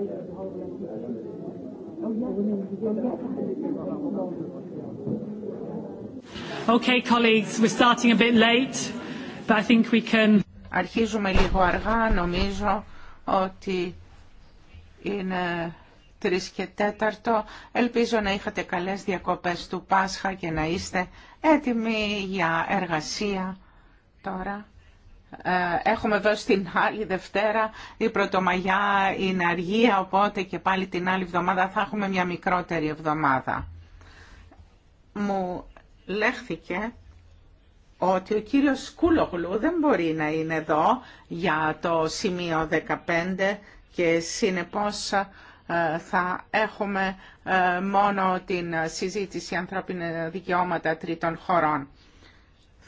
we Αρχίζουμε λίγο αργά, νομίζω ότι είναι τρεις και τέταρτο. Ελπίζω να είχατε καλές διακοπές του Πάσχα και να είστε έτοιμοι για εργασία τώρα. Ε, έχουμε εδώ στην άλλη Δευτέρα, η Πρωτομαγιά είναι αργία, οπότε και πάλι την άλλη εβδομάδα θα έχουμε μια μικρότερη εβδομάδα. Μου λέχθηκε ότι ο κύριος Σκούλογλου δεν μπορεί να είναι εδώ για το σημείο 15 και συνεπώς ε, θα έχουμε ε, μόνο την συζήτηση ανθρώπινα δικαιώματα τρίτων χωρών.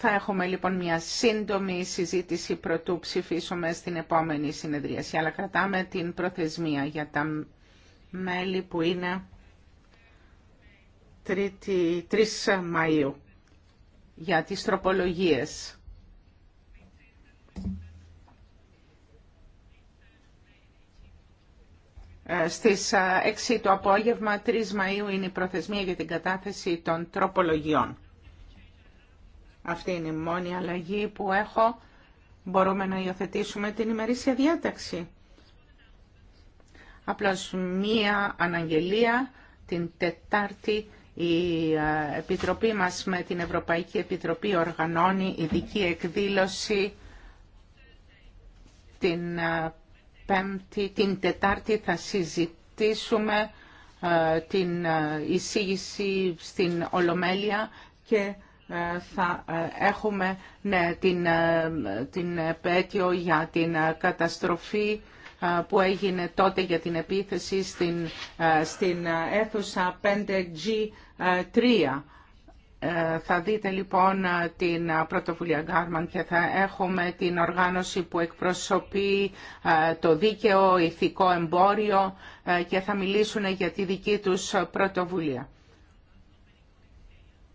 Θα έχουμε λοιπόν μια σύντομη συζήτηση πρωτού ψηφίσουμε στην επόμενη συνεδρίαση, αλλά κρατάμε την προθεσμία για τα μέλη που είναι 3 Μαΐου για τις τροπολογίες. Ε, στις 6 ε, το απόγευμα, 3 Μαΐου, είναι η προθεσμία για την κατάθεση των τροπολογιών. Αυτή είναι η μόνη αλλαγή που έχω. Μπορούμε να υιοθετήσουμε την ημερήσια διάταξη. Απλώς μία αναγγελία την Τετάρτη η ε, Επιτροπή μας με την Ευρωπαϊκή Επιτροπή οργανώνει ειδική εκδήλωση την ε, Πέμπτη, την Τετάρτη θα συζητήσουμε ε, την εισήγηση στην Ολομέλεια και ε, θα ε, έχουμε ναι, την, ε, την επέτειο για την καταστροφή που έγινε τότε για την επίθεση στην, στην αίθουσα 5G3. Θα δείτε λοιπόν την πρωτοβουλία Γκάρμαν και θα έχουμε την οργάνωση που εκπροσωπεί το δίκαιο, ηθικό εμπόριο και θα μιλήσουν για τη δική τους πρωτοβουλία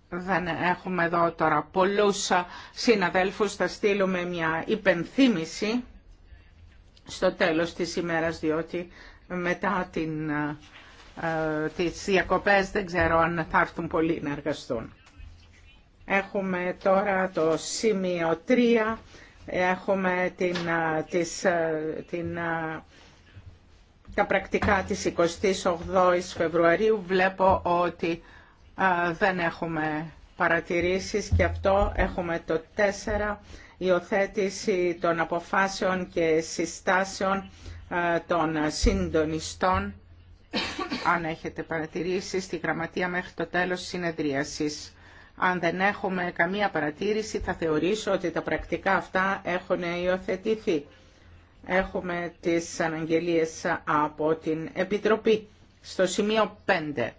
δεν έχουμε εδώ τώρα πολλούς συναδέλφους, θα στείλουμε μια υπενθύμηση στο τέλος της ημέρας, διότι μετά την, ε, τις διακοπές δεν ξέρω αν θα έρθουν πολλοί να εργαστούν. Έχουμε τώρα το σημείο 3, έχουμε την, ε, ε, την, ε, τα πρακτικά της 28ης Φεβρουαρίου. Βλέπω ότι δεν έχουμε παρατηρήσεις και αυτό έχουμε το 4 υιοθέτηση των αποφάσεων και συστάσεων των συντονιστών αν έχετε παρατηρήσει στη γραμματεία μέχρι το τέλος της συνεδρίασης. Αν δεν έχουμε καμία παρατήρηση θα θεωρήσω ότι τα πρακτικά αυτά έχουν υιοθετηθεί. Έχουμε τις αναγγελίες από την Επιτροπή στο σημείο 5.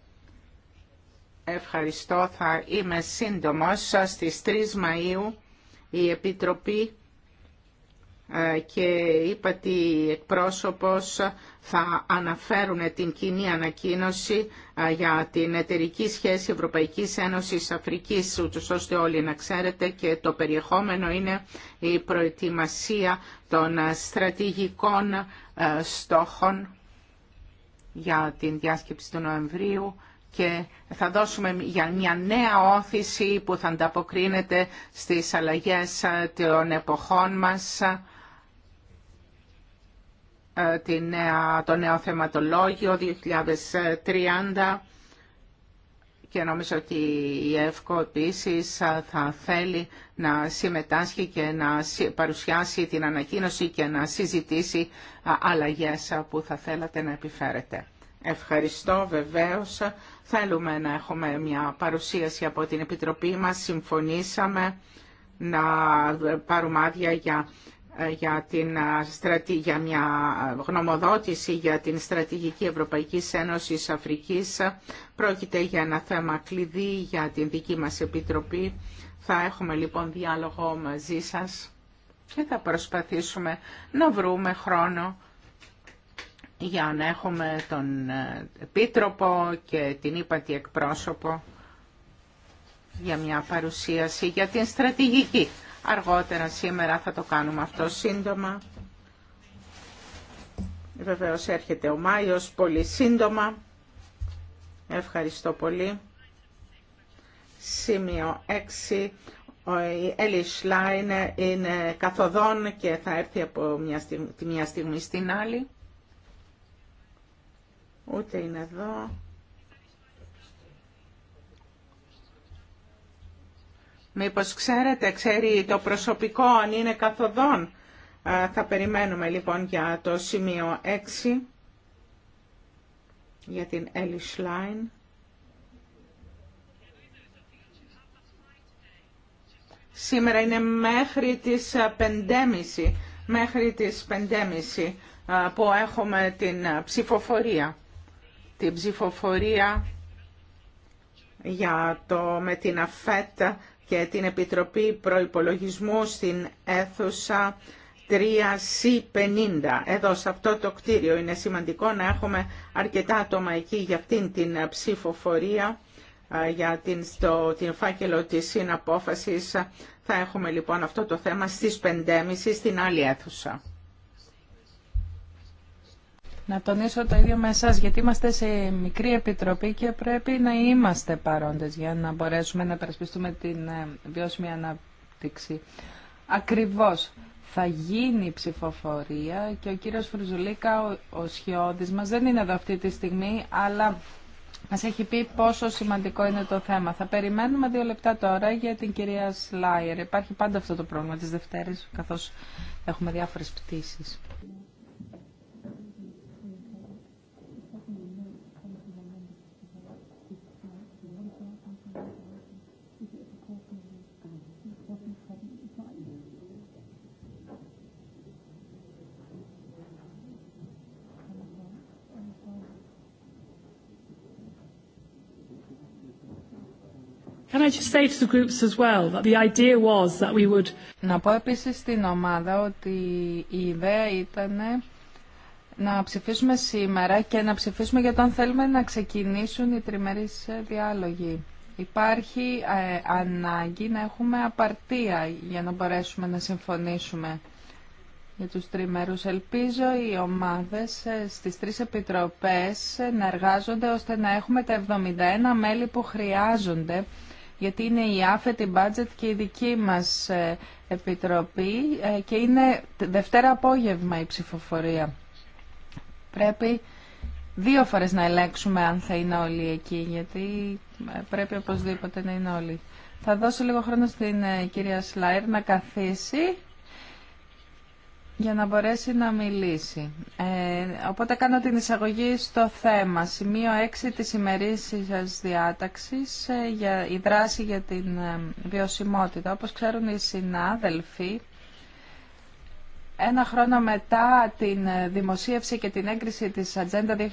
Ευχαριστώ. Θα είμαι σύντομος. Στις 3 Μαΐου η Επιτροπή ε, και είπα ότι εκπρόσωπος θα αναφέρουν την κοινή ανακοίνωση ε, για την εταιρική σχέση Ευρωπαϊκής Ένωσης Αφρικής, ούτως ώστε όλοι να ξέρετε και το περιεχόμενο είναι η προετοιμασία των στρατηγικών ε, στόχων για την διάσκεψη του Νοεμβρίου και θα δώσουμε για μια νέα όθηση που θα ανταποκρίνεται στις αλλαγές ε, των εποχών μας, ε, το νέο θεματολόγιο 2030 και νομίζω ότι η ΕΦΚΟ επίσης ε, θα θέλει να συμμετάσχει και να παρουσιάσει την ανακοίνωση και να συζητήσει αλλαγές που θα θέλατε να επιφέρετε. Ευχαριστώ βεβαίως. Θέλουμε να έχουμε μια παρουσίαση από την Επιτροπή μας. Συμφωνήσαμε να πάρουμε άδεια για, για, την μια γνωμοδότηση για την Στρατηγική Ευρωπαϊκής Ένωσης Αφρικής. Πρόκειται για ένα θέμα κλειδί για την δική μας Επιτροπή. Θα έχουμε λοιπόν διάλογο μαζί σας και θα προσπαθήσουμε να βρούμε χρόνο για να έχουμε τον ε, Επίτροπο και την ύπατη εκπρόσωπο για μια παρουσίαση για την στρατηγική. Αργότερα σήμερα θα το κάνουμε αυτό σύντομα. Βεβαίως έρχεται ο Μάιος πολύ σύντομα. Ευχαριστώ πολύ. Σημείο 6. Η Έλλη Σλάιν είναι καθοδόν και θα έρθει από μια μια στιγμή στην άλλη ούτε είναι εδώ. Μήπως ξέρετε, ξέρει το προσωπικό αν είναι καθοδόν. Θα περιμένουμε λοιπόν για το σημείο 6, για την Ellie Schlein. Σήμερα είναι μέχρι τις 5.30, μέχρι τις 5.30 που έχουμε την ψηφοφορία την ψηφοφορία για το, με την ΑΦΕΤ και την Επιτροπή Προϋπολογισμού στην αίθουσα 3C50. Εδώ σε αυτό το κτίριο είναι σημαντικό να έχουμε αρκετά άτομα εκεί για αυτήν την ψηφοφορία για την, στο, την φάκελο της συναπόφασης. Θα έχουμε λοιπόν αυτό το θέμα στις 5.30 στην άλλη αίθουσα να τονίσω το ίδιο με εσάς, γιατί είμαστε σε μικρή επιτροπή και πρέπει να είμαστε παρόντες για να μπορέσουμε να περασπιστούμε την ε, βιώσιμη ανάπτυξη. Ακριβώς. Θα γίνει η ψηφοφορία και ο κύριος Φρουζουλίκα, ο, ο Σιώδης μας, δεν είναι εδώ αυτή τη στιγμή, αλλά μας έχει πει πόσο σημαντικό είναι το θέμα. Θα περιμένουμε δύο λεπτά τώρα για την κυρία Σλάιερ. Υπάρχει πάντα αυτό το πρόβλημα της Δευτέρης, καθώς έχουμε διάφορες πτήσεις. Να πω επίσης στην ομάδα ότι η ιδέα ήταν να ψηφίσουμε σήμερα και να ψηφίσουμε για το θέλουμε να ξεκινήσουν οι τριμερείς διάλογοι. Υπάρχει ε, ανάγκη να έχουμε απαρτία για να μπορέσουμε να συμφωνήσουμε για τους τριμερούς. Ελπίζω οι ομάδες ε, στις τρεις επιτροπές να εργάζονται ώστε να έχουμε τα 71 μέλη που χρειάζονται γιατί είναι η άφετη μπάτζετ και η δική μας ε, Επιτροπή ε, και είναι Δευτέρα απόγευμα η ψηφοφορία. Πρέπει δύο φορές να ελέγξουμε αν θα είναι όλοι εκεί, γιατί ε, πρέπει οπωσδήποτε να είναι όλοι. Θα δώσω λίγο χρόνο στην κυρία Σλάιρ να καθίσει για να μπορέσει να μιλήσει. Ε, οπότε κάνω την εισαγωγή στο θέμα. Σημείο 6 της ημερήσιας διάταξης, ε, για, η δράση για την ε, βιωσιμότητα. Όπως ξέρουν οι συνάδελφοι, ένα χρόνο μετά την ε, δημοσίευση και την έγκριση της Ατζέντα 2030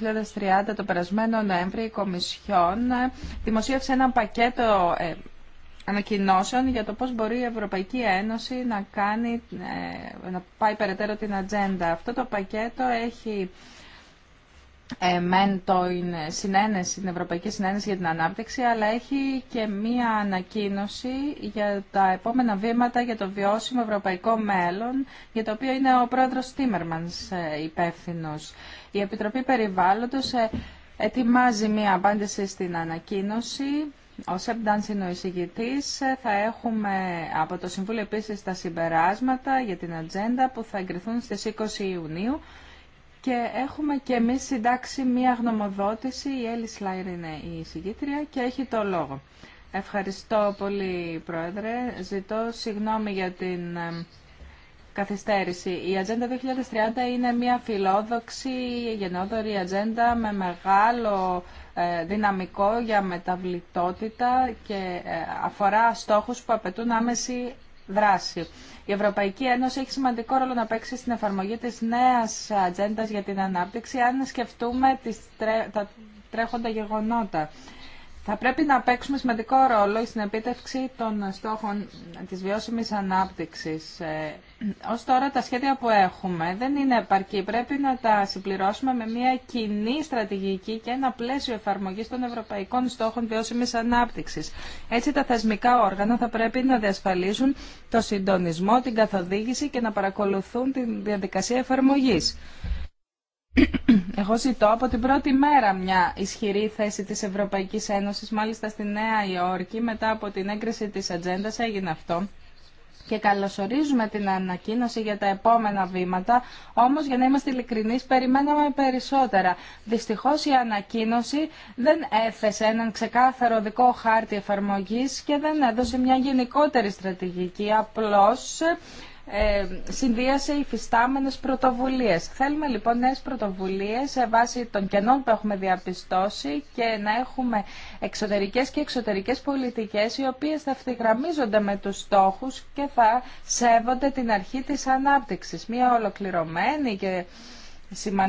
το περασμένο Νοέμβρη, η Κομισιόν ε, δημοσίευσε ένα πακέτο ε, ανακοινώσεων για το πώς μπορεί η Ευρωπαϊκή Ένωση να, κάνει, ε, να πάει περαιτέρω την ατζέντα. Αυτό το πακέτο έχει ε, μεν το συνένεση, την Ευρωπαϊκή Συνένεση για την Ανάπτυξη, αλλά έχει και μία ανακοίνωση για τα επόμενα βήματα για το βιώσιμο ευρωπαϊκό μέλλον, για το οποίο είναι ο πρόεδρος Τίμερμανς ε, υπεύθυνο. Η Επιτροπή Περιβάλλοντος ε, ετοιμάζει μία απάντηση στην ανακοίνωση ο Σεπ είναι ο εισηγητής. Θα έχουμε από το Συμβούλιο επίσης τα συμπεράσματα για την ατζέντα που θα εγκριθούν στις 20 Ιουνίου και έχουμε και εμείς συντάξει μία γνωμοδότηση. Η Έλλη Σλάιρ είναι η εισηγήτρια και έχει το λόγο. Ευχαριστώ πολύ, Πρόεδρε. Ζητώ συγγνώμη για την καθυστέρηση. Η Ατζέντα 2030 είναι μια φιλόδοξη, γενναιόδορη ατζέντα με μεγάλο ε, δυναμικό για μεταβλητότητα και ε, αφορά στόχους που απαιτούν άμεση δράση. Η Ευρωπαϊκή Ένωση έχει σημαντικό ρόλο να παίξει στην εφαρμογή της νέας ατζέντα για την ανάπτυξη, αν σκεφτούμε τις τα τρέχοντα γεγονότα. Θα πρέπει να παίξουμε σημαντικό ρόλο στην επίτευξη των στόχων της βιώσιμης ανάπτυξης. Ε, ως τώρα τα σχέδια που έχουμε δεν είναι επαρκή. Πρέπει να τα συμπληρώσουμε με μια κοινή στρατηγική και ένα πλαίσιο εφαρμογής των ευρωπαϊκών στόχων βιώσιμης ανάπτυξης. Έτσι τα θεσμικά όργανα θα πρέπει να διασφαλίσουν το συντονισμό, την καθοδήγηση και να παρακολουθούν την διαδικασία εφαρμογής. Εγώ ζητώ από την πρώτη μέρα μια ισχυρή θέση της Ευρωπαϊκής Ένωσης, μάλιστα στη Νέα Υόρκη, μετά από την έγκριση της ατζέντα έγινε αυτό. Και καλωσορίζουμε την ανακοίνωση για τα επόμενα βήματα, όμως για να είμαστε ειλικρινείς περιμέναμε περισσότερα. Δυστυχώς η ανακοίνωση δεν έθεσε έναν ξεκάθαρο δικό χάρτη εφαρμογής και δεν έδωσε μια γενικότερη στρατηγική, απλώς ε, συνδύασε υφιστάμενες πρωτοβουλίες. Θέλουμε λοιπόν νέες πρωτοβουλίες σε βάση των κενών που έχουμε διαπιστώσει και να έχουμε εξωτερικές και εξωτερικές πολιτικές οι οποίες θα ευθυγραμμίζονται με τους στόχους και θα σέβονται την αρχή της ανάπτυξης. Μια ολοκληρωμένη και ε,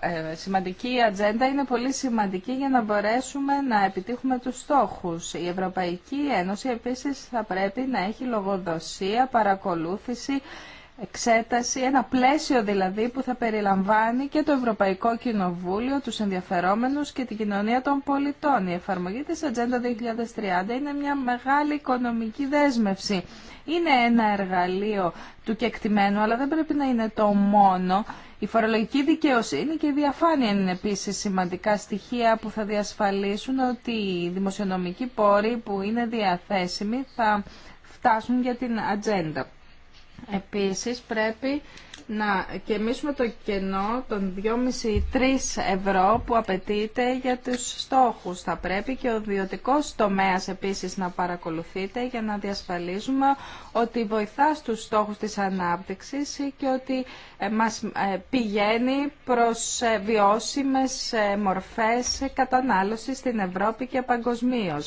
ε, ε, σημαντική ατζέντα είναι πολύ σημαντική για να μπορέσουμε να επιτύχουμε τους στόχους. Η Ευρωπαϊκή Ένωση επίσης θα πρέπει να έχει λογοδοσία, παρακολούθηση εξέταση, ένα πλαίσιο δηλαδή που θα περιλαμβάνει και το Ευρωπαϊκό Κοινοβούλιο, τους ενδιαφερόμενους και την κοινωνία των πολιτών. Η εφαρμογή της Ατζέντα 2030 είναι μια μεγάλη οικονομική δέσμευση. Είναι ένα εργαλείο του κεκτημένου, αλλά δεν πρέπει να είναι το μόνο. Η φορολογική δικαιοσύνη και η διαφάνεια είναι επίσης σημαντικά στοιχεία που θα διασφαλίσουν ότι οι δημοσιονομικοί πόροι που είναι διαθέσιμοι θα φτάσουν για την ατζέντα. Επίσης πρέπει να κεμίσουμε το κενό των 2,5-3 ευρώ που απαιτείται για τους στόχους. Θα πρέπει και ο ιδιωτικό τομέας επίσης να παρακολουθείτε για να διασφαλίζουμε ότι βοηθά στους στόχους της ανάπτυξης και ότι ε, μας ε, πηγαίνει προς ε, βιώσιμες μορφές κατανάλωσης στην Ευρώπη και παγκοσμίω.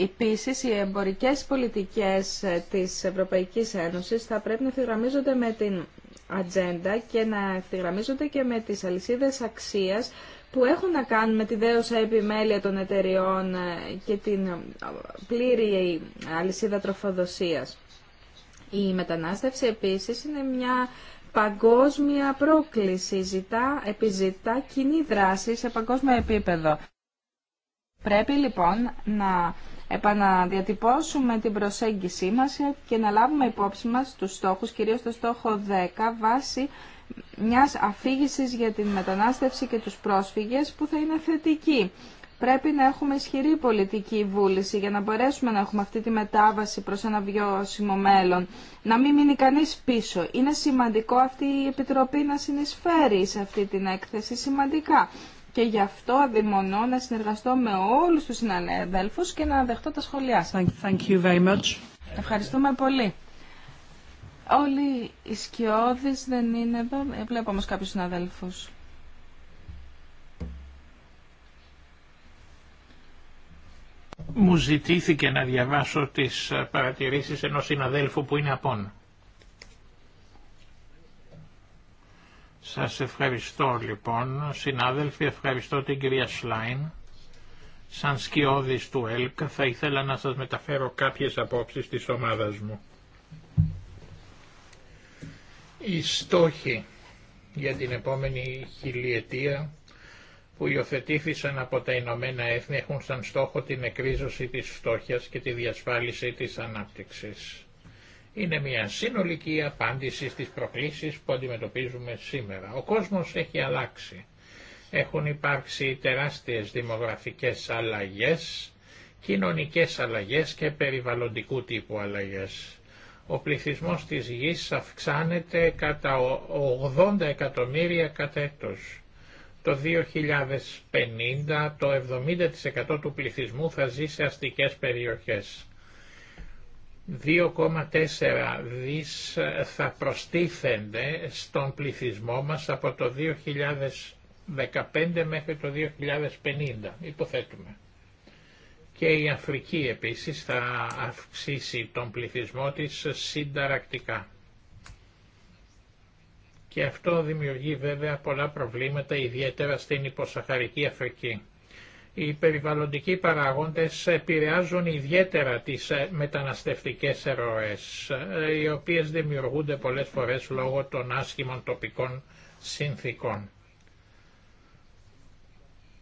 Επίσης, οι εμπορικές πολιτικές ε, της Ευρωπαϊκής Ένωσης θα πρέπει να ευθυγραμμίζονται με την ατζέντα και να ευθυγραμμίζονται και με τις αλυσίδες αξίας που έχουν να κάνουν με τη δέωσα επιμέλεια των εταιριών ε, και την ε, πλήρη αλυσίδα τροφοδοσίας. Η μετανάστευση επίσης είναι μια παγκόσμια πρόκληση, ζητά, επιζητά κοινή δράση σε παγκόσμιο επίπεδο. Πρέπει λοιπόν να επαναδιατυπώσουμε την προσέγγιση μας και να λάβουμε υπόψη μας τους στόχους, κυρίως το στόχο 10, βάσει μιας αφήγησης για την μετανάστευση και τους πρόσφυγες που θα είναι θετική. Πρέπει να έχουμε ισχυρή πολιτική βούληση για να μπορέσουμε να έχουμε αυτή τη μετάβαση προς ένα βιώσιμο μέλλον. Να μην μείνει κανείς πίσω. Είναι σημαντικό αυτή η Επιτροπή να συνεισφέρει σε αυτή την έκθεση σημαντικά και γι' αυτό αδειμονώ να συνεργαστώ με όλους τους συναδέλφους και να δεχτώ τα σχόλιά σας. Thank Ευχαριστούμε πολύ. Όλοι οι σκιώδεις δεν είναι εδώ. Ε, βλέπω όμως κάποιους συναδέλφους. Μου ζητήθηκε να διαβάσω τις ε, παρατηρήσεις ενός συναδέλφου που είναι απόν. Σας ευχαριστώ λοιπόν, συνάδελφοι, ευχαριστώ την κυρία Σλάιν. Σαν σκιώδης του ΕΛΚ θα ήθελα να σας μεταφέρω κάποιες απόψεις της ομάδας μου. Οι στόχοι για την επόμενη χιλιετία που υιοθετήθησαν από τα Ηνωμένα Έθνη έχουν σαν στόχο την εκρίζωση της φτώχειας και τη διασφάλιση της ανάπτυξης είναι μια συνολική απάντηση στις προκλήσεις που αντιμετωπίζουμε σήμερα. Ο κόσμος έχει αλλάξει. Έχουν υπάρξει τεράστιες δημογραφικές αλλαγές, κοινωνικές αλλαγές και περιβαλλοντικού τύπου αλλαγές. Ο πληθυσμός της γης αυξάνεται κατά 80 εκατομμύρια κατ' έτος. Το 2050 το 70% του πληθυσμού θα ζει σε αστικές περιοχές 2,4 δις θα προστίθενται στον πληθυσμό μας από το 2015 μέχρι το 2050, υποθέτουμε. Και η Αφρική επίσης θα αυξήσει τον πληθυσμό της συνταρακτικά. Και αυτό δημιουργεί βέβαια πολλά προβλήματα, ιδιαίτερα στην υποσαχαρική Αφρική. Οι περιβαλλοντικοί παράγοντες επηρεάζουν ιδιαίτερα τις ε, μεταναστευτικές ροές, ε, οι οποίες δημιουργούνται πολλές φορές λόγω των άσχημων τοπικών συνθήκων.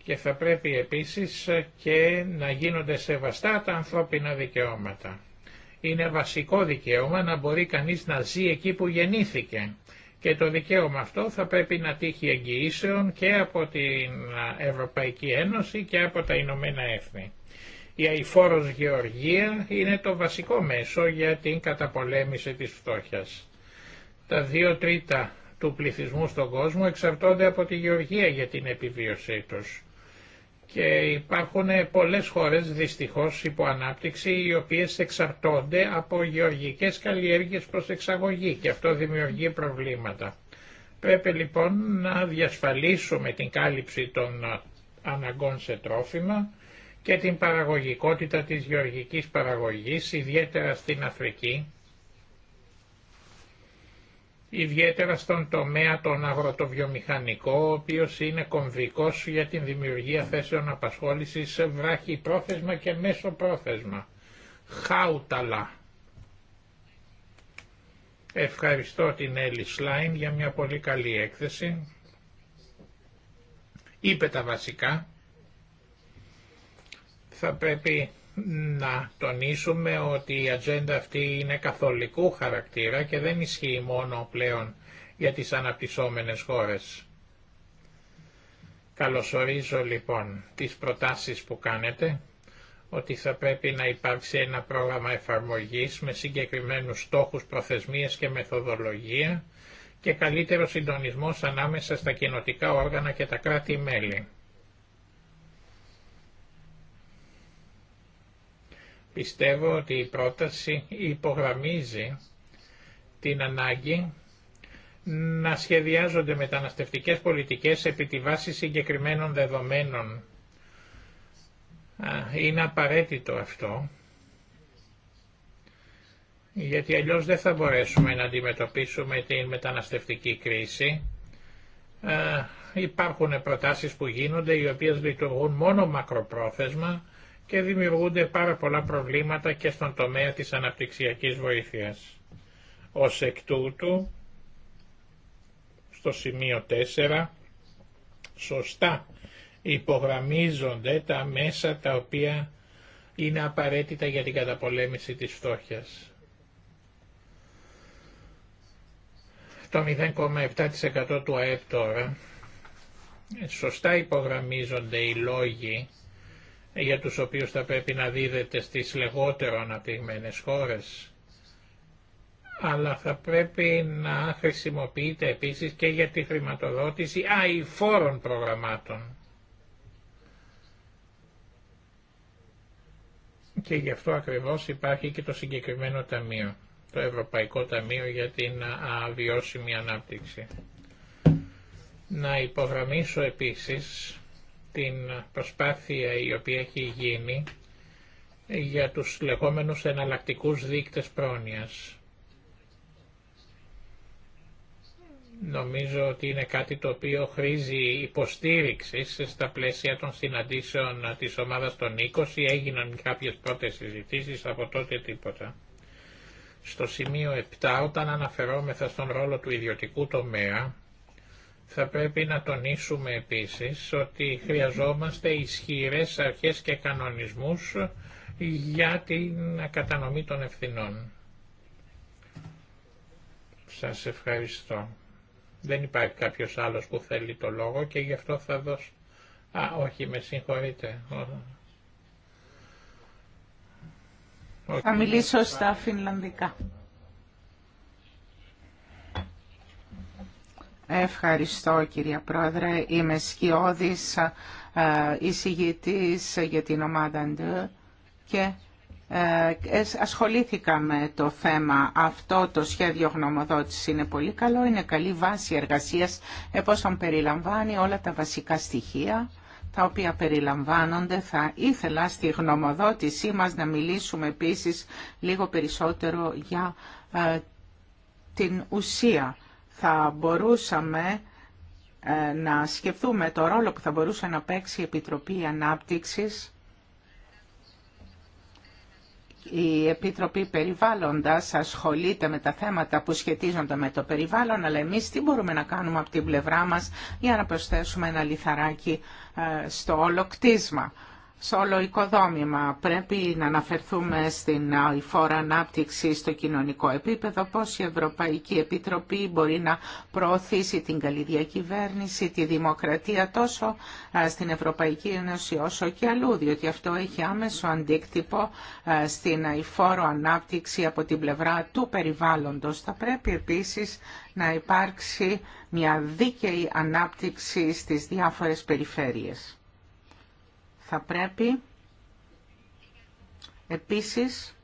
Και θα πρέπει επίσης ε, και να γίνονται σεβαστά τα ανθρώπινα δικαιώματα. Είναι βασικό δικαίωμα να μπορεί κανείς να ζει εκεί που γεννήθηκε και το δικαίωμα αυτό θα πρέπει να τύχει εγγυήσεων και από την Ευρωπαϊκή Ένωση και από τα Ηνωμένα Έθνη. Η αηφόρος γεωργία είναι το βασικό μέσο για την καταπολέμηση της φτώχειας. Τα δύο τρίτα του πληθυσμού στον κόσμο εξαρτώνται από τη γεωργία για την επιβίωσή τους και υπάρχουν πολλές χώρες δυστυχώς υπό ανάπτυξη οι οποίες εξαρτώνται από γεωργικές καλλιέργειες προς εξαγωγή και αυτό δημιουργεί προβλήματα. Πρέπει λοιπόν να διασφαλίσουμε την κάλυψη των αναγκών σε τρόφιμα και την παραγωγικότητα της γεωργικής παραγωγής, ιδιαίτερα στην Αφρική, ιδιαίτερα στον τομέα τον αγροτοβιομηχανικό, ο οποίος είναι κομβικός για την δημιουργία θέσεων απασχόλησης βράχη πρόθεσμα και μέσο πρόθεσμα. Χάουταλα. Ευχαριστώ την Έλλη Σλάιν για μια πολύ καλή έκθεση. Είπε τα βασικά. Θα πρέπει να τονίσουμε ότι η ατζέντα αυτή είναι καθολικού χαρακτήρα και δεν ισχύει μόνο πλέον για τις αναπτυσσόμενες χώρες. Καλωσορίζω λοιπόν τις προτάσεις που κάνετε, ότι θα πρέπει να υπάρξει ένα πρόγραμμα εφαρμογής με συγκεκριμένους στόχους, προθεσμίες και μεθοδολογία και καλύτερο συντονισμός ανάμεσα στα κοινοτικά όργανα και τα κράτη-μέλη. Πιστεύω ότι η πρόταση υπογραμμίζει την ανάγκη να σχεδιάζονται μεταναστευτικές πολιτικές επί τη βάση συγκεκριμένων δεδομένων. Είναι απαραίτητο αυτό, γιατί αλλιώς δεν θα μπορέσουμε να αντιμετωπίσουμε την μεταναστευτική κρίση. Υπάρχουν προτάσεις που γίνονται, οι οποίες λειτουργούν μόνο μακροπρόθεσμα, και δημιουργούνται πάρα πολλά προβλήματα και στον τομέα της αναπτυξιακής βοήθειας. Ως εκ τούτου, στο σημείο 4, σωστά υπογραμμίζονται τα μέσα τα οποία είναι απαραίτητα για την καταπολέμηση της φτώχειας. Το 0,7% του ΑΕΠ τώρα, σωστά υπογραμμίζονται οι λόγοι για τους οποίους θα πρέπει να δίδεται στις λεγότερο αναπτυγμένες χώρες, αλλά θα πρέπει να χρησιμοποιείται επίσης και για τη χρηματοδότηση αηφόρων προγραμμάτων. Και γι' αυτό ακριβώς υπάρχει και το συγκεκριμένο ταμείο, το Ευρωπαϊκό Ταμείο για την Αβιώσιμη Ανάπτυξη. Να υπογραμμίσω επίσης την προσπάθεια η οποία έχει γίνει για τους λεγόμενους εναλλακτικούς δείκτες πρόνοιας. Νομίζω ότι είναι κάτι το οποίο χρήζει υποστήριξη στα πλαίσια των συναντήσεων της ομάδας των 20. Έγιναν κάποιες πρώτες συζητήσεις, από τότε τίποτα. Στο σημείο 7, όταν αναφερόμεθα στον ρόλο του ιδιωτικού τομέα, θα πρέπει να τονίσουμε επίσης ότι χρειαζόμαστε ισχυρές αρχές και κανονισμούς για την κατανομή των ευθυνών. Σας ευχαριστώ. Δεν υπάρχει κάποιος άλλος που θέλει το λόγο και γι' αυτό θα δώσω... Α, όχι, με συγχωρείτε. Θα μιλήσω στα φινλανδικά. Ευχαριστώ κυρία Πρόεδρε. Είμαι σκιώδης ε, εισηγητής για την ομάδα ΝΤΕ και ε, ασχολήθηκα με το θέμα αυτό. Το σχέδιο γνωμοδότησης είναι πολύ καλό, είναι καλή βάση εργασίας εφόσον περιλαμβάνει όλα τα βασικά στοιχεία τα οποία περιλαμβάνονται. Θα ήθελα στη γνωμοδότησή μας να μιλήσουμε επίσης λίγο περισσότερο για ε, την ουσία θα μπορούσαμε ε, να σκεφτούμε το ρόλο που θα μπορούσε να παίξει η Επιτροπή Ανάπτυξης, η Επιτροπή Περιβάλλοντας ασχολείται με τα θέματα που σχετίζονται με το περιβάλλον, αλλά εμείς τι μπορούμε να κάνουμε από την πλευρά μας για να προσθέσουμε ένα λιθαράκι ε, στο όλο κτίσμα σε όλο οικοδόμημα. Πρέπει να αναφερθούμε στην φόρα ανάπτυξη στο κοινωνικό επίπεδο, πώς η Ευρωπαϊκή Επιτροπή μπορεί να προωθήσει την καλή διακυβέρνηση, τη δημοκρατία τόσο στην Ευρωπαϊκή Ένωση όσο και αλλού, διότι αυτό έχει άμεσο αντίκτυπο στην φόρο ανάπτυξη από την πλευρά του περιβάλλοντος. Θα πρέπει επίσης να υπάρξει μια δίκαιη ανάπτυξη στις διάφορες περιφέρειες. Θα πρέπει επίσης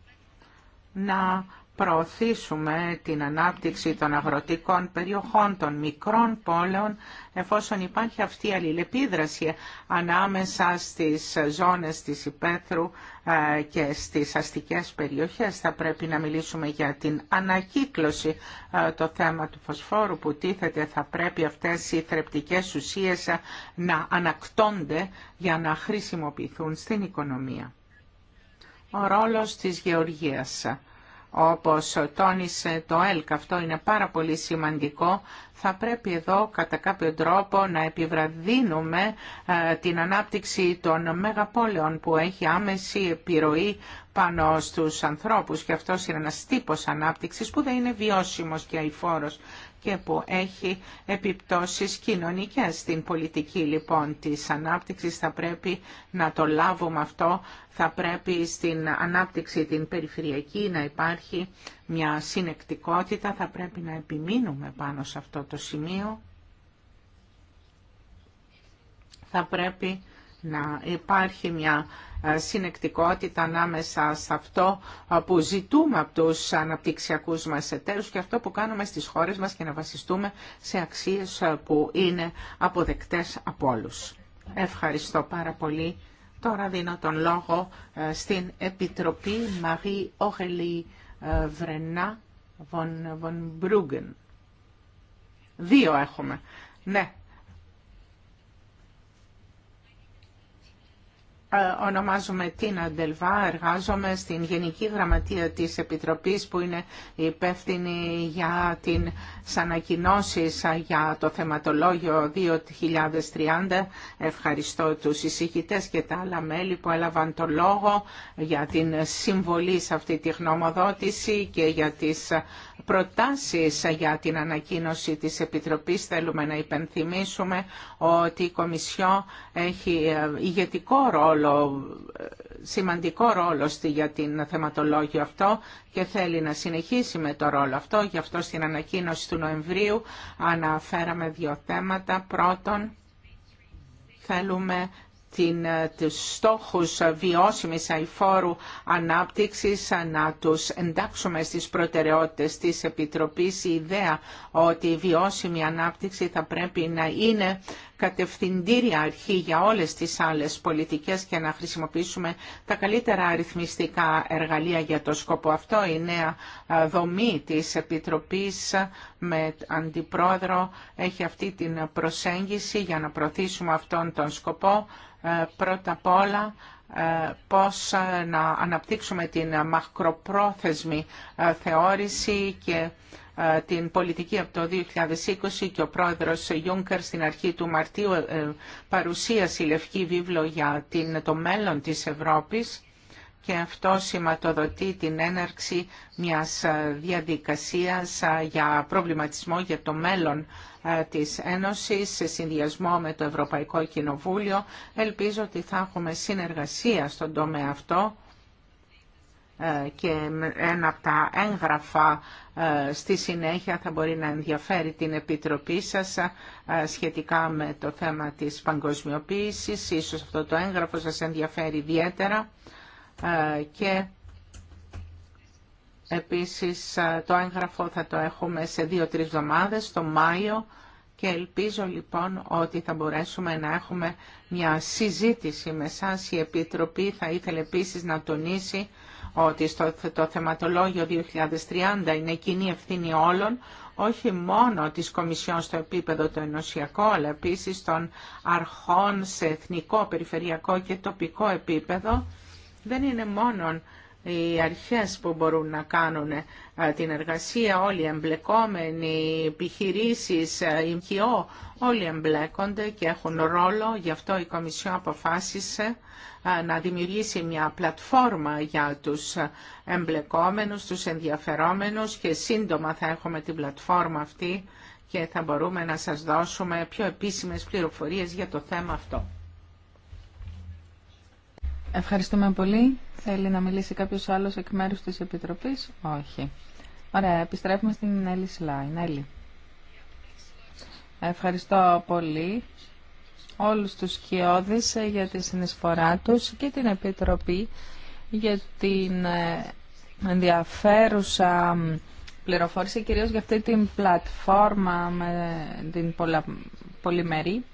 να προωθήσουμε την ανάπτυξη των αγροτικών περιοχών, των μικρών πόλεων, εφόσον υπάρχει αυτή η αλληλεπίδραση ανάμεσα στις ζώνες της υπαίθρου ε, και στις αστικές περιοχές. Θα πρέπει να μιλήσουμε για την ανακύκλωση. Ε, το θέμα του φωσφόρου που τίθεται θα πρέπει αυτές οι θρεπτικές ουσίες ε, να ανακτώνται για να χρησιμοποιηθούν στην οικονομία. Ο ρόλος της γεωργίας όπως τόνισε το ΕΛΚ. Αυτό είναι πάρα πολύ σημαντικό. Θα πρέπει εδώ κατά κάποιο τρόπο να επιβραδύνουμε ε, την ανάπτυξη των μεγαπόλεων που έχει άμεση επιρροή πάνω στους ανθρώπους και αυτός είναι ένας τύπος ανάπτυξης που δεν είναι βιώσιμος και αηφόρος και που έχει επιπτώσεις κοινωνικές στην πολιτική λοιπόν της ανάπτυξης. Θα πρέπει να το λάβουμε αυτό, θα πρέπει στην ανάπτυξη την περιφερειακή να υπάρχει μια συνεκτικότητα, θα πρέπει να επιμείνουμε πάνω σε αυτό το σημείο. Θα πρέπει να υπάρχει μια ε, συνεκτικότητα ανάμεσα σε αυτό ε, που ζητούμε από τους αναπτυξιακούς μας εταίρους και αυτό που κάνουμε στις χώρες μας και να βασιστούμε σε αξίες ε, που είναι αποδεκτές από όλους. Ευχαριστώ πάρα πολύ. Τώρα δίνω τον λόγο στην Επιτροπή Μαρή Ογελή Βρενά von Brüggen. Δύο έχουμε. Ναι, Ε, ονομάζομαι Τίνα Ντελβά, εργάζομαι στην Γενική Γραμματεία της Επιτροπής που είναι υπεύθυνη για την ανακοινώσει ε, για το θεματολόγιο 2030. Ευχαριστώ τους εισηγητές και τα άλλα μέλη που έλαβαν το λόγο για την συμβολή σε αυτή τη γνωμοδότηση και για τις ε, προτάσεις για την ανακοίνωση της Επιτροπής. Θέλουμε να υπενθυμίσουμε ότι η Κομισιό έχει ε, ηγετικό ρόλο, ε, σημαντικό ρόλο για την θεματολόγιο αυτό και θέλει να συνεχίσει με το ρόλο αυτό. Γι' αυτό στην ανακοίνωση του Νοεμβρίου αναφέραμε δύο θέματα. Πρώτον, θέλουμε την, ε, τους στόχους βιώσιμης αηφόρου ανάπτυξης να τους εντάξουμε στις προτεραιότητες της Επιτροπής η ιδέα ότι η βιώσιμη ανάπτυξη θα πρέπει να είναι κατευθυντήρια αρχή για όλες τις άλλες πολιτικές και να χρησιμοποιήσουμε τα καλύτερα αριθμιστικά εργαλεία για το σκοπό αυτό. Η νέα δομή της Επιτροπής με αντιπρόεδρο έχει αυτή την προσέγγιση για να προωθήσουμε αυτόν τον σκοπό. Ε, πρώτα απ' όλα ε, πώς ε, να αναπτύξουμε την μακροπρόθεσμη θεώρηση και ε, την πολιτική από το 2020 και ο πρόεδρος Γιούνκερ στην αρχή του Μαρτίου ε, ε, παρουσίασε η Λευκή Βίβλο για το μέλλον της Ευρώπης και αυτό σηματοδοτεί την έναρξη μιας διαδικασίας για προβληματισμό για το μέλλον της Ένωσης σε συνδυασμό με το Ευρωπαϊκό Κοινοβούλιο. Ελπίζω ότι θα έχουμε συνεργασία στον τομέα αυτό ε, και ένα από τα έγγραφα ε, στη συνέχεια θα μπορεί να ενδιαφέρει την Επιτροπή σας ε, σχετικά με το θέμα της παγκοσμιοποίησης. Ίσως αυτό το έγγραφο σας ενδιαφέρει ιδιαίτερα και επίσης το έγγραφο θα το έχουμε σε δύο-τρεις εβδομάδες, το Μάιο, και ελπίζω λοιπόν ότι θα μπορέσουμε να έχουμε μια συζήτηση με σας. Η Επιτροπή θα ήθελε επίσης να τονίσει ότι στο το θεματολόγιο 2030 είναι κοινή ευθύνη όλων, όχι μόνο της Κομισιόν στο επίπεδο το ενωσιακό, αλλά επίσης των αρχών σε εθνικό, περιφερειακό και τοπικό επίπεδο. Δεν είναι μόνο οι αρχές που μπορούν να κάνουν ε, την εργασία, όλοι οι εμπλεκόμενοι, οι επιχειρήσεις, ε, οι ΜΚΟ, όλοι εμπλέκονται και έχουν ρόλο. Γι' αυτό η Κομισιό αποφάσισε ε, να δημιουργήσει μια πλατφόρμα για τους εμπλεκόμενους, τους ενδιαφερόμενους και σύντομα θα έχουμε την πλατφόρμα αυτή και θα μπορούμε να σας δώσουμε πιο επίσημες πληροφορίες για το θέμα αυτό. Ευχαριστούμε πολύ. Θέλει να μιλήσει κάποιο άλλο εκ μέρου τη Επιτροπής. Όχι. Ωραία, επιστρέφουμε στην Έλλη Σλάιν. Ευχαριστώ πολύ όλους τους σκιώδεις ε, για τη συνεισφορά τους και την Επιτροπή για την ε, ενδιαφέρουσα πληροφόρηση κυρίως για αυτή την πλατφόρμα με την πολυμερή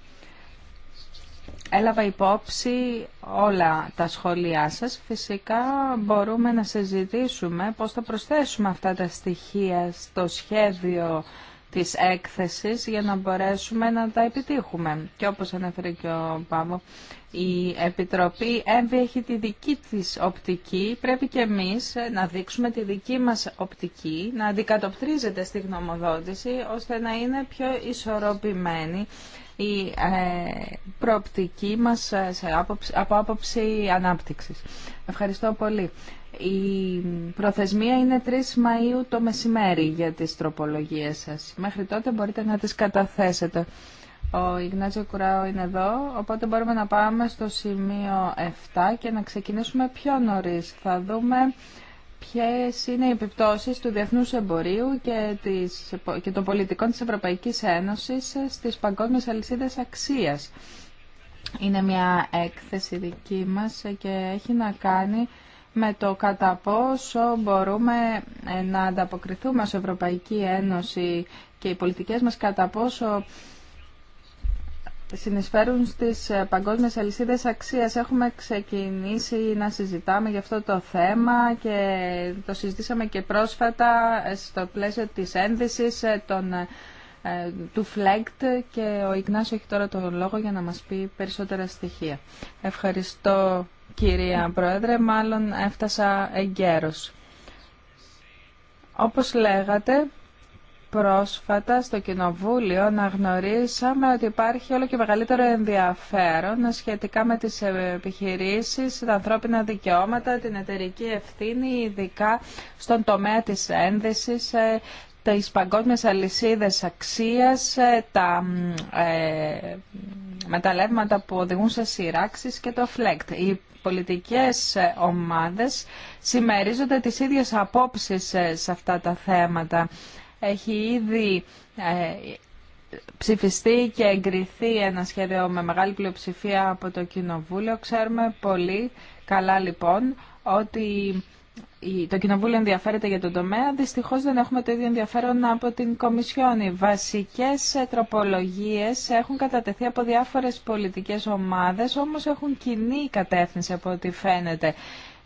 Έλαβα υπόψη όλα τα σχόλιά σας. Φυσικά μπορούμε να συζητήσουμε πώς θα προσθέσουμε αυτά τα στοιχεία στο σχέδιο της έκθεσης για να μπορέσουμε να τα επιτύχουμε. Και όπως ανέφερε και ο Πάμπο η Επιτροπή ΕΜΒΗ έχει τη δική της οπτική. Πρέπει και εμείς να δείξουμε τη δική μας οπτική, να αντικατοπτρίζεται στη γνωμοδότηση, ώστε να είναι πιο ισορροπημένη η ε, προοπτική μας από άποψη ανάπτυξης. Ευχαριστώ πολύ. Η προθεσμία είναι 3 Μαΐου το μεσημέρι για τις τροπολογίες σας. Μέχρι τότε μπορείτε να τις καταθέσετε. Ο Ιγνάτζιο Κουράου είναι εδώ, οπότε μπορούμε να πάμε στο σημείο 7 και να ξεκινήσουμε πιο νωρίς. Θα δούμε ποιες είναι οι επιπτώσεις του διεθνούς εμπορίου και, της, και των πολιτικών της Ευρωπαϊκής Ένωσης στις παγκόσμιες αλυσίδες αξίας. Είναι μια έκθεση δική μας και έχει να κάνει με το κατά πόσο μπορούμε να ανταποκριθούμε ως Ευρωπαϊκή Ένωση και οι πολιτικές μας κατά πόσο συνεισφέρουν στις ε, παγκόσμιες αλυσίδες αξίας. Έχουμε ξεκινήσει να συζητάμε για αυτό το θέμα και το συζητήσαμε και πρόσφατα ε, στο πλαίσιο της ένδυσης ε, των, του ΦΛΕΚΤ και ο Ιγνάσιο έχει τώρα τον λόγο για να μας πει περισσότερα στοιχεία. Ευχαριστώ κυρία Πρόεδρε, μάλλον έφτασα εγκαίρως. Όπως λέγατε, Πρόσφατα στο Κοινοβούλιο να γνωρίσαμε ότι υπάρχει όλο και μεγαλύτερο ενδιαφέρον σχετικά με τις επιχειρήσεις, τα ανθρώπινα δικαιώματα, την εταιρική ευθύνη, ειδικά στον τομέα της ένδυσης, ε, τις παγκόσμιες αλυσίδες αξίας, ε, τα ε, μεταλλεύματα που οδηγούν σε σειράξεις και το φλεκτ Οι πολιτικές ομάδες συμμερίζονται τις ίδιες απόψεις ε, σε αυτά τα θέματα. Έχει ήδη ε, ψηφιστεί και εγκριθεί ένα σχέδιο με μεγάλη πλειοψηφία από το Κοινοβούλιο. Ξέρουμε πολύ καλά λοιπόν ότι το Κοινοβούλιο ενδιαφέρεται για τον τομέα. δυστυχώ δεν έχουμε το ίδιο ενδιαφέρον από την Κομισιόν. Οι βασικές ε, τροπολογίε έχουν κατατεθεί από διάφορες πολιτικές ομάδες, όμως έχουν κοινή κατεύθυνση από ό,τι φαίνεται.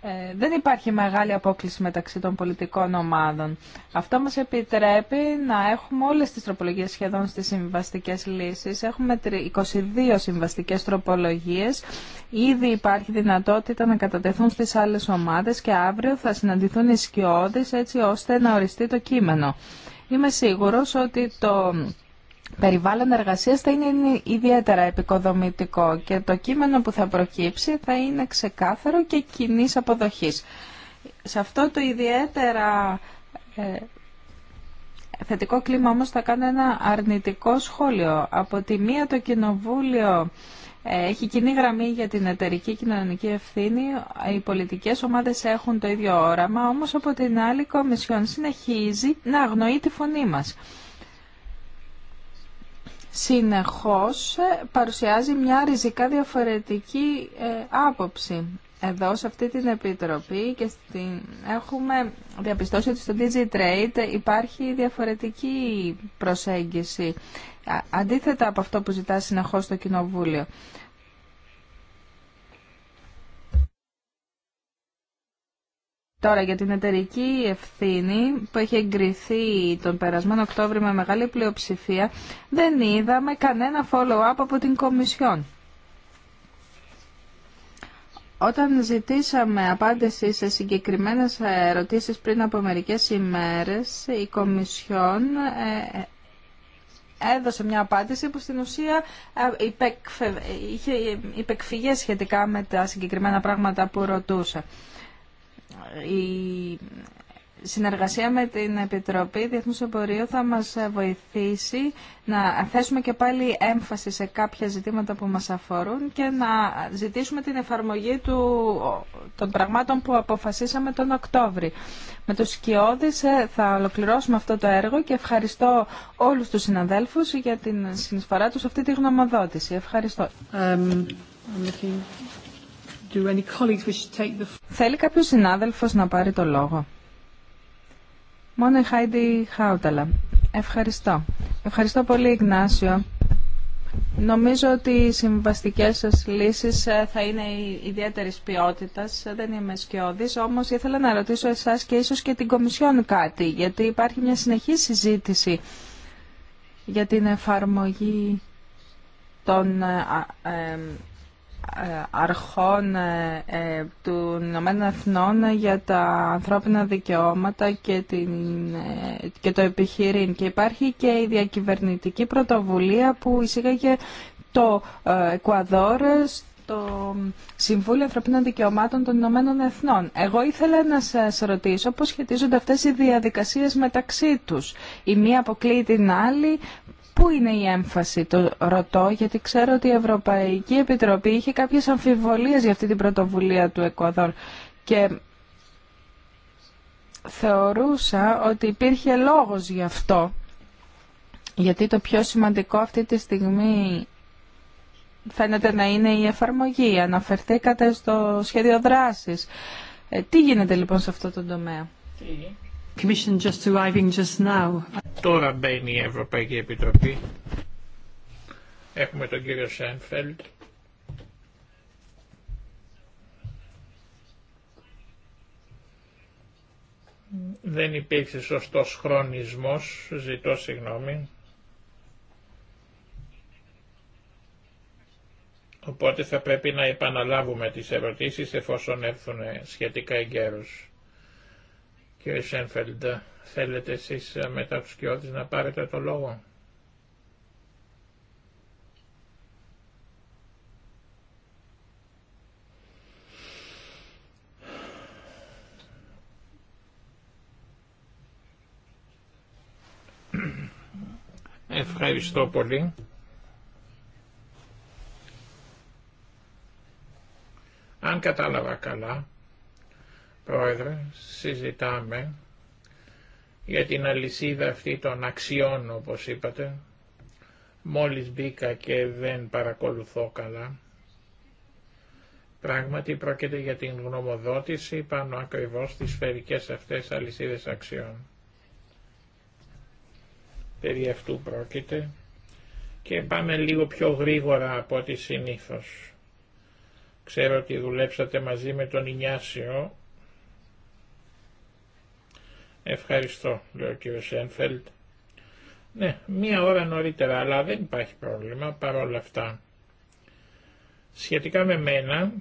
Ε, δεν υπάρχει μεγάλη απόκληση μεταξύ των πολιτικών ομάδων. Αυτό μας επιτρέπει να έχουμε όλες τις τροπολογίες σχεδόν στις συμβαστικές λύσεις. Έχουμε 22 συμβαστικές τροπολογίες. Ήδη υπάρχει δυνατότητα να κατατεθούν στις άλλες ομάδες και αύριο θα συναντηθούν οι σκιώδεις έτσι ώστε να οριστεί το κείμενο. Είμαι σίγουρος ότι το περιβάλλον εργασίας θα είναι ιδιαίτερα επικοδομητικό και το κείμενο που θα προκύψει θα είναι ξεκάθαρο και κοινή αποδοχής. Σε αυτό το ιδιαίτερα ε, θετικό κλίμα όμως θα κάνω ένα αρνητικό σχόλιο. Από τη μία το Κοινοβούλιο ε, έχει κοινή γραμμή για την εταιρική κοινωνική ευθύνη. Οι πολιτικές ομάδες έχουν το ίδιο όραμα, όμως από την άλλη η Κομισιόν συνεχίζει να αγνοεί τη φωνή μας συνεχώς ε, παρουσιάζει μια ριζικά διαφορετική ε, άποψη. Εδώ σε αυτή την επιτροπή και στην... έχουμε διαπιστώσει ότι στο DigiTrade υπάρχει διαφορετική προσέγγιση αντίθετα από αυτό που ζητά συνεχώς το Κοινοβούλιο. Τώρα για την εταιρική ευθύνη που έχει εγκριθεί τον περασμένο Οκτώβριο με μεγάλη πλειοψηφία δεν είδαμε κανένα follow-up από την Κομισιόν. Όταν ζητήσαμε απάντηση σε συγκεκριμένες ερωτήσεις πριν από μερικές ημέρες, η Κομισιόν ε, ε, έδωσε μια απάντηση που στην ουσία ε, είχε υπεκφυγές σχετικά με τα συγκεκριμένα πράγματα που ρωτούσε η συνεργασία με την Επιτροπή Διεθνούς Εμπορίου θα μας βοηθήσει να θέσουμε και πάλι έμφαση σε κάποια ζητήματα που μας αφορούν και να ζητήσουμε την εφαρμογή του, των πραγμάτων που αποφασίσαμε τον Οκτώβρη. Με το Σκιώδης ε, θα ολοκληρώσουμε αυτό το έργο και ευχαριστώ όλους τους συναδέλφους για την συνεισφορά τους σε αυτή τη γνωμοδότηση. Ευχαριστώ. Θέλει κάποιο συνάδελφος να πάρει το λόγο. Μόνο η Χάιντι Χάουταλα. Ευχαριστώ. Ευχαριστώ πολύ, Ιγνάσιο. Νομίζω ότι οι συμβαστικές σας λύσεις ε, θα είναι ιδιαίτερη ποιότητας. Δεν είμαι σκιώδης, όμως ήθελα να ρωτήσω εσάς και ίσως και την Κομισιόν κάτι, γιατί υπάρχει μια συνεχή συζήτηση για την εφαρμογή των ε, ε, ε, αρχών ε, ε, του Ηνωμένων Εθνών για τα ανθρώπινα δικαιώματα και, την, και το επιχειρήν. Και υπάρχει και η διακυβερνητική πρωτοβουλία που εισήγαγε το Εκουαδόρ στο Συμβούλιο Ανθρωπίνων Δικαιωμάτων των Ηνωμένων Εθνών. Εγώ ήθελα να σας ρωτήσω πώς σχετίζονται αυτές οι διαδικασίες μεταξύ τους. Η μία αποκλείει την άλλη, Πού είναι η έμφαση, το ρωτώ, γιατί ξέρω ότι η Ευρωπαϊκή Επιτροπή είχε κάποιες αμφιβολίες για αυτή την πρωτοβουλία του Εκουαδόρ και θεωρούσα ότι υπήρχε λόγος γι' αυτό, γιατί το πιο σημαντικό αυτή τη στιγμή φαίνεται να είναι η εφαρμογή. Αναφερθήκατε στο σχέδιο δράσης. Ε, τι γίνεται λοιπόν σε αυτό το τομέα. Τώρα μπαίνει η Ευρωπαϊκή Επιτροπή. Έχουμε τον κύριο Σένφελντ. Δεν υπήρξε σωστός χρονισμός, ζητώ συγγνώμη. Οπότε θα πρέπει να επαναλάβουμε τις ερωτήσεις εφόσον έρθουν σχετικά εγκαίρους. Κύριε Σένφελντ, θέλετε εσείς ε, μετά τους κοιότης να πάρετε το λόγο. Ευχαριστώ πολύ. Αν κατάλαβα καλά, Πρόεδρε, συζητάμε για την αλυσίδα αυτή των αξιών, όπως είπατε. Μόλις μπήκα και δεν παρακολουθώ καλά. Πράγματι πρόκειται για την γνωμοδότηση πάνω ακριβώς στις σφαιρικές αυτές αλυσίδες αξιών. Περί αυτού πρόκειται και πάμε λίγο πιο γρήγορα από ό,τι συνήθως. Ξέρω ότι δουλέψατε μαζί με τον Ινιάσιο Ευχαριστώ, λέει ο κύριο Ένφελτ. Ναι, μία ώρα νωρίτερα, αλλά δεν υπάρχει πρόβλημα παρόλα αυτά. Σχετικά με μένα,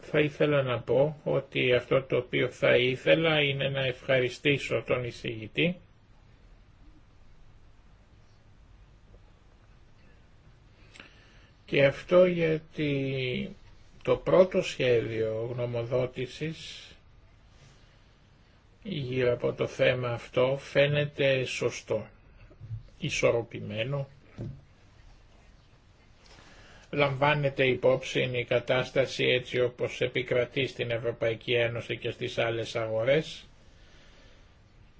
θα ήθελα να πω ότι αυτό το οποίο θα ήθελα είναι να ευχαριστήσω τον εισηγητή και αυτό γιατί το πρώτο σχέδιο γνωμοδότησης γύρω από το θέμα αυτό φαίνεται σωστό, ισορροπημένο. Λαμβάνεται υπόψη η κατάσταση έτσι όπως επικρατεί στην Ευρωπαϊκή Ένωση και στις άλλες αγορές.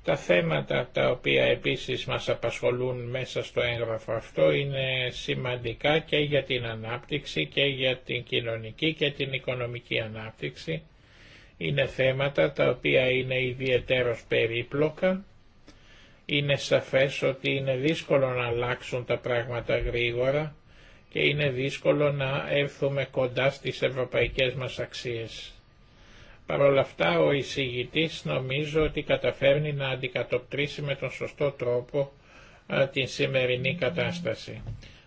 Τα θέματα τα οποία επίσης μας απασχολούν μέσα στο έγγραφο αυτό είναι σημαντικά και για την ανάπτυξη και για την κοινωνική και την οικονομική ανάπτυξη είναι θέματα τα οποία είναι ιδιαίτερος περίπλοκα. Είναι σαφές ότι είναι δύσκολο να αλλάξουν τα πράγματα γρήγορα και είναι δύσκολο να έρθουμε κοντά στις ευρωπαϊκές μας αξίες. Παρ' όλα αυτά ο εισηγητής νομίζω ότι καταφέρνει να αντικατοπτρίσει με τον σωστό τρόπο την σημερινή κατάσταση.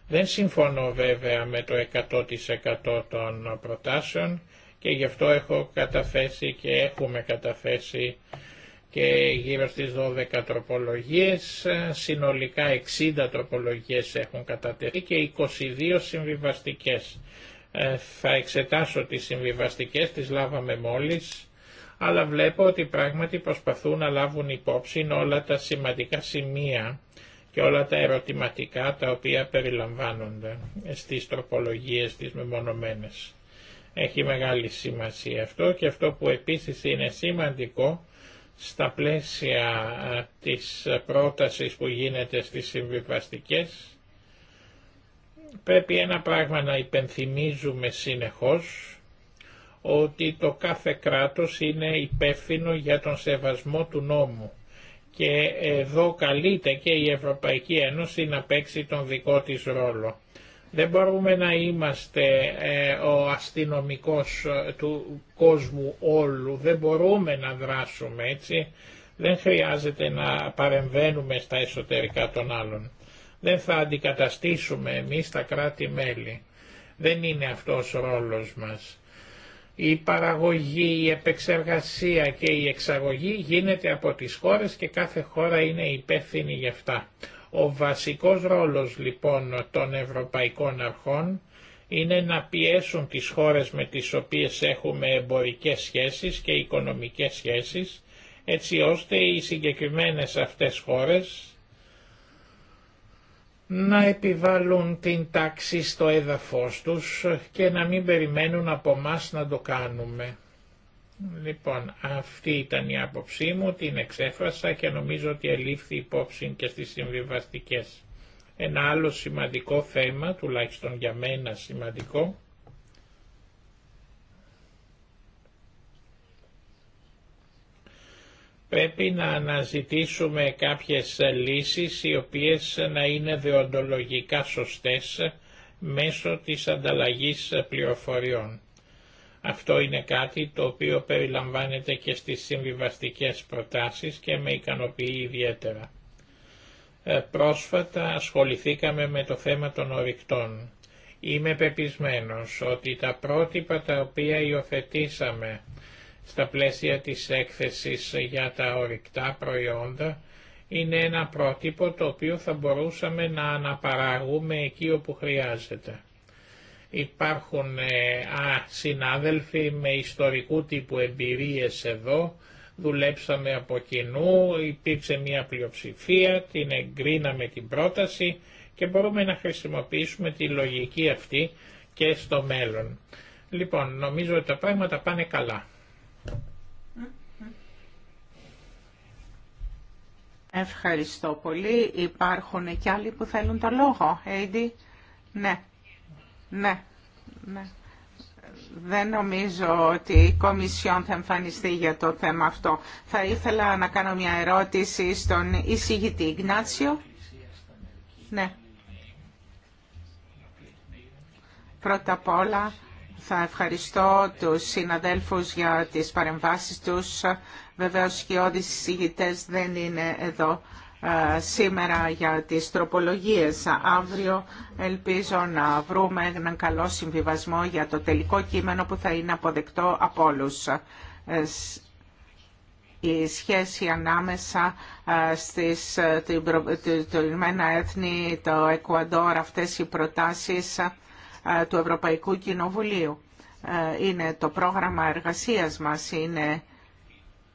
Δεν συμφωνώ βέβαια με το 100% των προτάσεων και γι' αυτό έχω καταθέσει και έχουμε καταθέσει και γύρω στις 12 τροπολογίες, συνολικά 60 τροπολογίες έχουν κατατεθεί και 22 συμβιβαστικές. Ε, θα εξετάσω τις συμβιβαστικές, τις λάβαμε μόλις, αλλά βλέπω ότι πράγματι προσπαθούν να λάβουν υπόψη όλα τα σημαντικά σημεία και όλα τα ερωτηματικά τα οποία περιλαμβάνονται στις τροπολογίες τις μεμονωμένες. Έχει μεγάλη σημασία αυτό και αυτό που επίσης είναι σημαντικό στα πλαίσια της πρότασης που γίνεται στις συμβιβαστικές πρέπει ένα πράγμα να υπενθυμίζουμε συνεχώς ότι το κάθε κράτος είναι υπεύθυνο για τον σεβασμό του νόμου και εδώ καλείται και η Ευρωπαϊκή Ένωση να παίξει τον δικό της ρόλο. Δεν μπορούμε να είμαστε ε, ο αστυνομικός ε, του κόσμου όλου, δεν μπορούμε να δράσουμε έτσι, δεν χρειάζεται να παρεμβαίνουμε στα εσωτερικά των άλλων. Δεν θα αντικαταστήσουμε εμείς τα κράτη-μέλη. Δεν είναι αυτός ο ρόλος μας. Η παραγωγή, η επεξεργασία και η εξαγωγή γίνεται από τις χώρες και κάθε χώρα είναι υπεύθυνη γι' αυτά. Ο βασικός ρόλος λοιπόν των ευρωπαϊκών αρχών είναι να πιέσουν τις χώρες με τις οποίες έχουμε εμπορικές σχέσεις και οικονομικές σχέσεις, έτσι ώστε οι συγκεκριμένες αυτές χώρες να επιβάλλουν την τάξη στο έδαφος τους και να μην περιμένουν από μας να το κάνουμε. Λοιπόν, αυτή ήταν η άποψή μου, την εξέφρασα και νομίζω ότι ελήφθη υπόψη και στις συμβιβαστικές. Ένα άλλο σημαντικό θέμα, τουλάχιστον για μένα σημαντικό, πρέπει να αναζητήσουμε κάποιες λύσεις οι οποίες να είναι δεοντολογικά σωστές μέσω της ανταλλαγής πληροφοριών. Αυτό είναι κάτι το οποίο περιλαμβάνεται και στις συμβιβαστικές προτάσεις και με ικανοποιεί ιδιαίτερα. Ε, πρόσφατα ασχοληθήκαμε με το θέμα των ορυκτών. Είμαι πεπισμένος ότι τα πρότυπα τα οποία υιοθετήσαμε στα πλαίσια της έκθεσης για τα ορυκτά προϊόντα είναι ένα πρότυπο το οποίο θα μπορούσαμε να αναπαράγουμε εκεί όπου χρειάζεται. Υπάρχουν ε, α, συνάδελφοι με ιστορικού τύπου εμπειρίες εδώ, δουλέψαμε από κοινού, υπήρξε μια πλειοψηφία, την εγκρίναμε την πρόταση και μπορούμε να χρησιμοποιήσουμε τη λογική αυτή και στο μέλλον. Λοιπόν, νομίζω ότι τα πράγματα πάνε καλά. Ευχαριστώ πολύ. Υπάρχουν και άλλοι που θέλουν το λόγο. Έιντι, ναι. Ναι, ναι. Δεν νομίζω ότι η Κομισιόν θα εμφανιστεί για το θέμα αυτό. Θα ήθελα να κάνω μια ερώτηση στον εισηγητή Ιγνάτσιο. Ναι. Πρώτα απ' όλα θα ευχαριστώ τους συναδέλφους για τις παρεμβάσεις τους. Βεβαίως και οι εισηγητές δεν είναι εδώ. Ε, σήμερα για τις τροπολογίες. Αύριο ελπίζω να βρούμε έναν καλό συμβιβασμό για το τελικό κείμενο που θα είναι αποδεκτό από όλους. Ε, η σχέση ανάμεσα ε, στις Έθνη, το Εκουαντόρ, αυτές οι προτάσεις του Ευρωπαϊκού Κοινοβουλίου. Είναι το πρόγραμμα εργασίας μας, είναι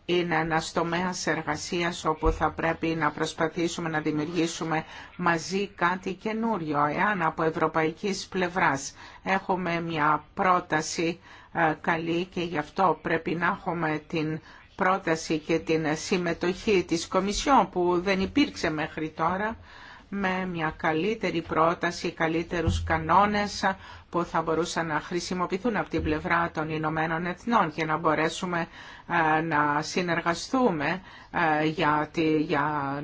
είναι ένα τομέα εργασία όπου θα πρέπει να προσπαθήσουμε να δημιουργήσουμε μαζί κάτι καινούριο. Εάν από Ευρωπαϊκή πλευράς έχουμε μια πρόταση ε, καλή και γι' αυτό πρέπει να έχουμε την πρόταση και την συμμετοχή της Κομισιόν που δεν υπήρξε μέχρι τώρα με μια καλύτερη πρόταση, καλύτερους κανόνες που θα μπορούσαν να χρησιμοποιηθούν από την πλευρά των Ηνωμένων Εθνών και να μπορέσουμε ε, να συνεργαστούμε ε, για,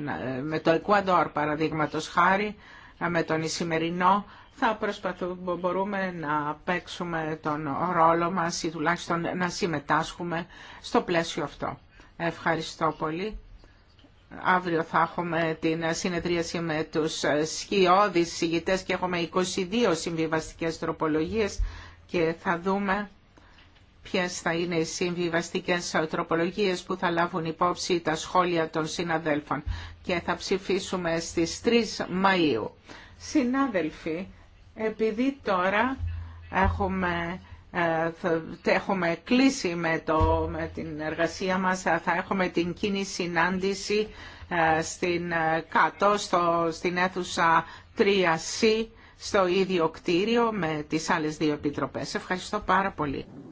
με το Εκουαδόρ παραδείγματος χάρη, ε, με τον Ισημερινό, θα προσπαθούμε, μπορούμε να παίξουμε τον ρόλο μας ή τουλάχιστον να συμμετάσχουμε στο πλαίσιο αυτό. Ευχαριστώ πολύ. Αύριο θα έχουμε την συνεδρίαση με τους σκιώδεις συγητές και έχουμε 22 συμβιβαστικές τροπολογίες και θα δούμε ποιες θα είναι οι συμβιβαστικές τροπολογίες που θα λάβουν υπόψη τα σχόλια των συναδέλφων και θα ψηφίσουμε στις 3 Μαΐου. Συνάδελφοι, επειδή τώρα έχουμε ε, θα έχουμε κλείσει με, το, με την εργασία μας, ε, θα έχουμε την κίνηση συνάντηση ε, στην, κάτω στο, στην αίθουσα 3C στο ίδιο κτίριο με τις άλλες δύο επιτροπές. Ευχαριστώ πάρα πολύ.